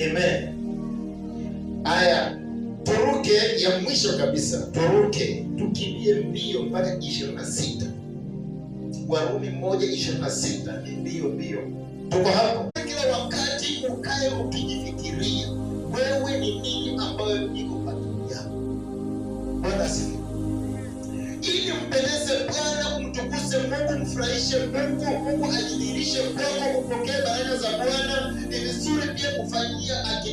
Amen. Aya, turuke ya mwisho kabisa, turuke tukimbie mbio mpaka ishirini na sita. Warumi moja ishirini na sita ni mbio mbio, tuko hapo kila wakati, ukae ukijifikiria wewe ni nini ambayo iko akili yako. Bwana asifiwe. Ili mpendeze Bwana, mtukuze Mungu, mfurahishe Mungu, Mungu ajidirishe kwako, upokee baraka za Bwana. Ni vizuri pia kufanyia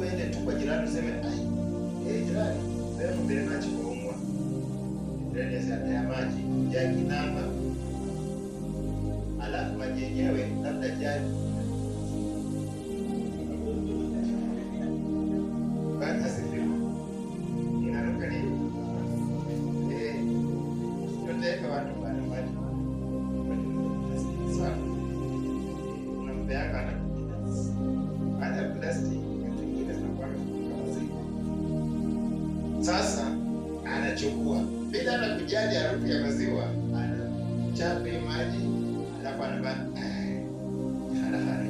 tuende tu kwa jirani, useme ai, eh, jirani, wewe mbele maji kwa umwa, ndani ya sanda ya maji ya namba, alafu maji yenyewe labda jani. Sasa anachukua bila na kujali harufu ya maziwa, anachape maji, alafu anabaki eh,